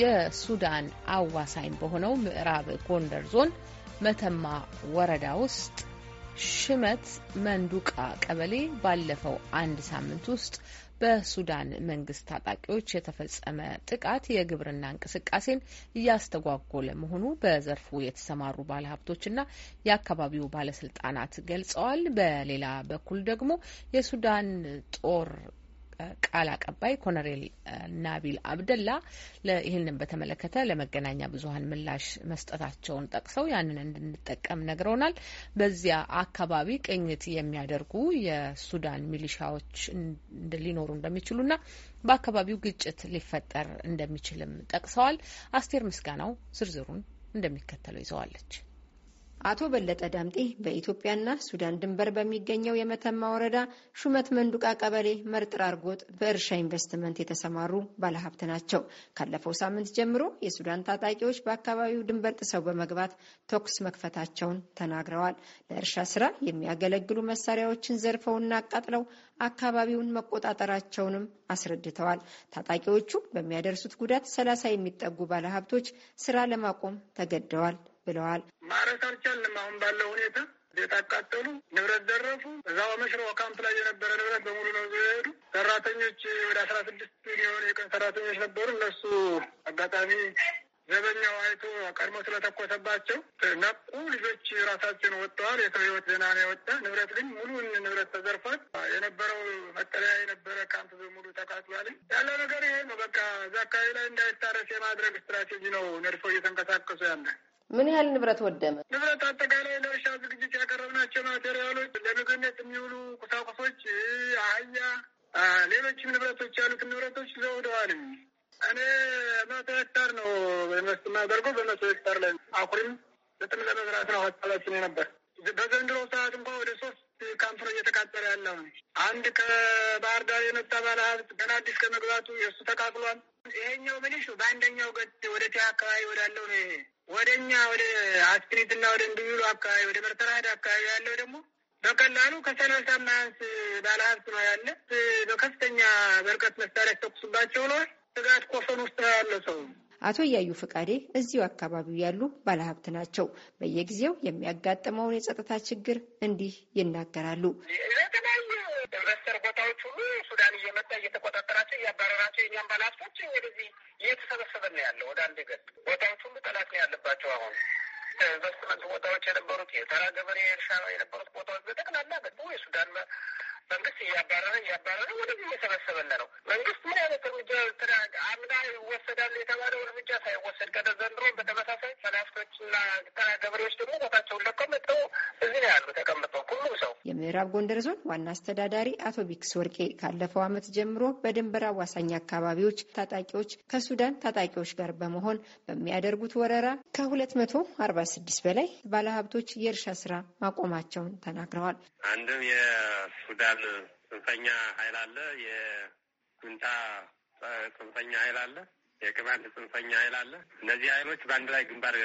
የሱዳን አዋሳኝ በሆነው ምዕራብ ጎንደር ዞን መተማ ወረዳ ውስጥ ሽመት መንዱቃ ቀበሌ ባለፈው አንድ ሳምንት ውስጥ በሱዳን መንግስት ታጣቂዎች የተፈጸመ ጥቃት የግብርና እንቅስቃሴን እያስተጓጎለ መሆኑ በዘርፉ የተሰማሩ ባለሀብቶችና የአካባቢው ባለስልጣናት ገልጸዋል። በሌላ በኩል ደግሞ የሱዳን ጦር ቃል አቀባይ ኮሎኔል ናቢል አብደላ ይህንን በተመለከተ ለመገናኛ ብዙኃን ምላሽ መስጠታቸውን ጠቅሰው ያንን እንድንጠቀም ነግረውናል። በዚያ አካባቢ ቅኝት የሚያደርጉ የሱዳን ሚሊሻዎች ሊኖሩ እንደሚችሉና በአካባቢው ግጭት ሊፈጠር እንደሚችልም ጠቅሰዋል። አስቴር ምስጋናው ዝርዝሩን እንደሚከተለው ይዘዋለች። አቶ በለጠ ዳምጤ በኢትዮጵያና ሱዳን ድንበር በሚገኘው የመተማ ወረዳ ሹመት መንዱቃ ቀበሌ መርጥር አርጎጥ በእርሻ ኢንቨስትመንት የተሰማሩ ባለሀብት ናቸው። ካለፈው ሳምንት ጀምሮ የሱዳን ታጣቂዎች በአካባቢው ድንበር ጥሰው በመግባት ተኩስ መክፈታቸውን ተናግረዋል። ለእርሻ ስራ የሚያገለግሉ መሳሪያዎችን ዘርፈውና አቃጥለው አካባቢውን መቆጣጠራቸውንም አስረድተዋል። ታጣቂዎቹ በሚያደርሱት ጉዳት ሰላሳ የሚጠጉ ባለሀብቶች ስራ ለማቆም ተገደዋል ብለዋል። ማረስ አልቻልንም። አሁን ባለው ሁኔታ ቤት አቃጠሉ፣ ንብረት ዘረፉ። እዛው መሽሮ ካምፕ ላይ የነበረ ንብረት በሙሉ ነው ሄዱ። ሰራተኞች ወደ አስራ ስድስት የሚሆኑ የቀን ሰራተኞች ነበሩ። እነሱ አጋጣሚ ዘበኛው አይቶ ቀድሞ ስለተኮሰባቸው ነቁ። ልጆች ራሳችን ወጥተዋል። የሰው ህይወት ዜና ነው የወጣ። ንብረት ግን ሙሉን ንብረት ተዘርፏል። የነበረው መጠለያ የነበረ ካምፕ በሙሉ ተቃጥሏል። ያለው ነገር ይሄ ነው። በቃ እዛ አካባቢ ላይ እንዳይታረስ የማድረግ ስትራቴጂ ነው ነድፎ እየተንቀሳቀሱ ያለ ምን ያህል ንብረት ወደመ? ንብረት አጠቃላይ ለእርሻ ዝግጅት ያቀረብናቸው ማቴሪያሎች፣ ለምግብነት የሚውሉ ቁሳቁሶች፣ አህያ፣ ሌሎችም ንብረቶች ያሉት ንብረቶች ዘውደዋል። እኔ መቶ ሄክታር ነው የማደርገው። በመቶ ሄክታር ላይ አኩሪም ጥጥም ለመዝራት ነው ሀሳባችን ነበር። በዘንድሮ ሰዓት እንኳ ወደ ሶስት ካምፕ ነው እየተቃጠለ ያለው። አንድ ከባህር ዳር የመጣ ባለ ሀብት ገና አዲስ ከመግባቱ የእሱ ተቃጥሏል። ይሄኛው ምንሹ በአንደኛው ገድ ወደ ቲያ አካባቢ ወዳለው ነው ይሄ ወደ እኛ ወደ አስክሪት አስክሪትና ወደ እንድሉ አካባቢ ወደ መርተራሃድ አካባቢ ያለው ደግሞ በቀላሉ ከሰላሳ ማያንስ ባለሀብት ነው ያለ። በከፍተኛ በርቀት መሳሪያ ተኩሱባቸው ነዋል። ስጋት ኮፈን ውስጥ ነው ያለው ሰው። አቶ እያዩ ፈቃዴ እዚሁ አካባቢው ያሉ ባለሀብት ናቸው። በየጊዜው የሚያጋጥመውን የጸጥታ ችግር እንዲህ ይናገራሉ። የተለያዩ ኢንቨስተር ቦታዎች ሁሉ ሱዳን እየመጣ እየተቆጣጠራቸው እያባረራቸው የኛም ባለሀብቶች ወደዚህ እየተሰበሰበ ነው ያለው ወደ አንድ ገ ቦታዎች ሁሉ ጠላት ኢንቨስትመንት ቦታዎች የነበሩት የተራ ገበሬ እርሻ የነበሩት ቦታዎች በጠቅላላ ደግሞ የሱዳን መንግስት እያባረረ እያባረረ ወደዚህ እየሰበሰበለ ነው። መንግስት ምን አይነት እርምጃ አምና ይወሰዳል የተባለው እርምጃ ሳይወሰድ ቀረ ዘንድሮ የምዕራብ ጎንደር ዞን ዋና አስተዳዳሪ አቶ ቢክስ ወርቄ ካለፈው ዓመት ጀምሮ በድንበር አዋሳኝ አካባቢዎች ታጣቂዎች ከሱዳን ታጣቂዎች ጋር በመሆን በሚያደርጉት ወረራ ከ246 በላይ ባለሀብቶች የእርሻ ስራ ማቆማቸውን ተናግረዋል። አንድም የሱዳን ጽንፈኛ ኃይል አለ፣ የጉንታ ጽንፈኛ ኃይል አለ፣ የቅማንት ጽንፈኛ ኃይል አለ። እነዚህ ኃይሎች በአንድ ላይ ግንባር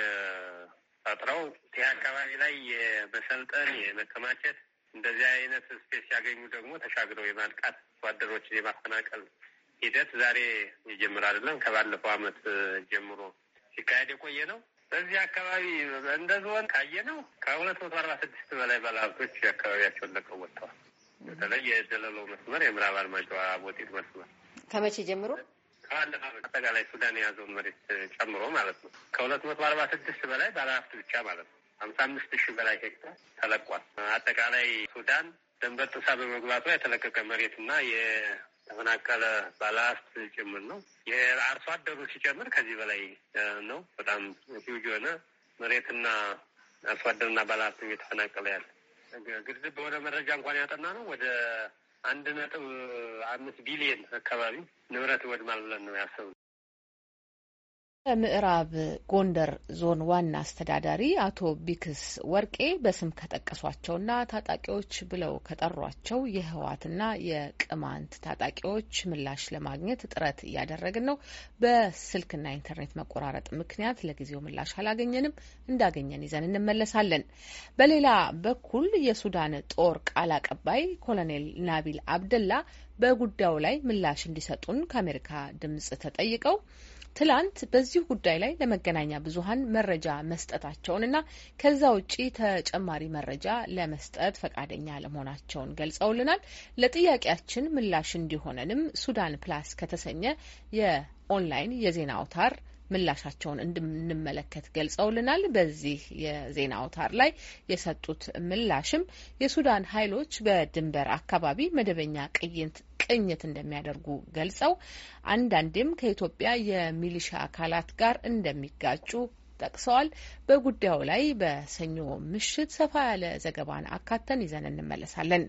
ፈጥረው ይህ አካባቢ ላይ የመሰልጠን የመከማቸት እንደዚህ አይነት ስፔስ ሲያገኙ ደግሞ ተሻግረው የማልቃት ወታደሮችን የማፈናቀል ሂደት ዛሬ ይጀምር አይደለም፣ ከባለፈው አመት ጀምሮ ሲካሄድ የቆየ ነው። በዚህ አካባቢ እንደ ዞን ካየ ነው ከሁለት መቶ አርባ ስድስት በላይ ባለሀብቶች አካባቢያቸውን ለቀው ወጥተዋል። በተለይ የደለሎ መስመር የምዕራብ አርማጭሆ ቦጢት መስመር ከመቼ ጀምሮ ከባለፈው አጠቃላይ ሱዳን የያዘውን መሬት ጨምሮ ማለት ነው ከሁለት መቶ አርባ ስድስት በላይ ባለሀብት ብቻ ማለት ነው ሀምሳ አምስት ሺህ በላይ ሄክታር ተለቋል። አጠቃላይ ሱዳን ድንበር ጥሳ በመግባቷ የተለቀቀ መሬትና የተፈናቀለ ባለሀብት ጭምር ነው። የአርሶ አደሩ ሲጨምር ከዚህ በላይ ነው። በጣም ሂውጅ የሆነ መሬትና አርሶ አደርና ባለሀብት እየተፈናቀለ ያለ ግድ በሆነ መረጃ እንኳን ያጠና ነው ወደ አንድ ነጥብ አምስት ቢሊየን አካባቢ ንብረት ወድማል ብለን ነው ያሰቡ። በምዕራብ ጎንደር ዞን ዋና አስተዳዳሪ አቶ ቢክስ ወርቄ በስም ከጠቀሷቸውና ታጣቂዎች ብለው ከጠሯቸው የህወሓትና የቅማንት ታጣቂዎች ምላሽ ለማግኘት ጥረት እያደረግን ነው። በስልክና ኢንተርኔት መቆራረጥ ምክንያት ለጊዜው ምላሽ አላገኘንም። እንዳገኘን ይዘን እንመለሳለን። በሌላ በኩል የሱዳን ጦር ቃል አቀባይ ኮሎኔል ናቢል አብደላ በጉዳዩ ላይ ምላሽ እንዲሰጡን ከአሜሪካ ድምጽ ተጠይቀው ትላንት በዚሁ ጉዳይ ላይ ለመገናኛ ብዙኃን መረጃ መስጠታቸውን እና ከዛ ውጪ ተጨማሪ መረጃ ለመስጠት ፈቃደኛ ለመሆናቸውን ገልጸውልናል። ለጥያቄያችን ምላሽ እንዲሆነንም ሱዳን ፕላስ ከተሰኘ የኦንላይን የዜና አውታር ምላሻቸውን እንድንመለከት ገልጸውልናል። በዚህ የዜና አውታር ላይ የሰጡት ምላሽም የሱዳን ኃይሎች በድንበር አካባቢ መደበኛ ቅይንት ቅኝት እንደሚያደርጉ ገልጸው አንዳንዴም ከኢትዮጵያ የሚሊሻ አካላት ጋር እንደሚጋጩ ጠቅሰዋል። በጉዳዩ ላይ በሰኞ ምሽት ሰፋ ያለ ዘገባን አካተን ይዘን እንመለሳለን።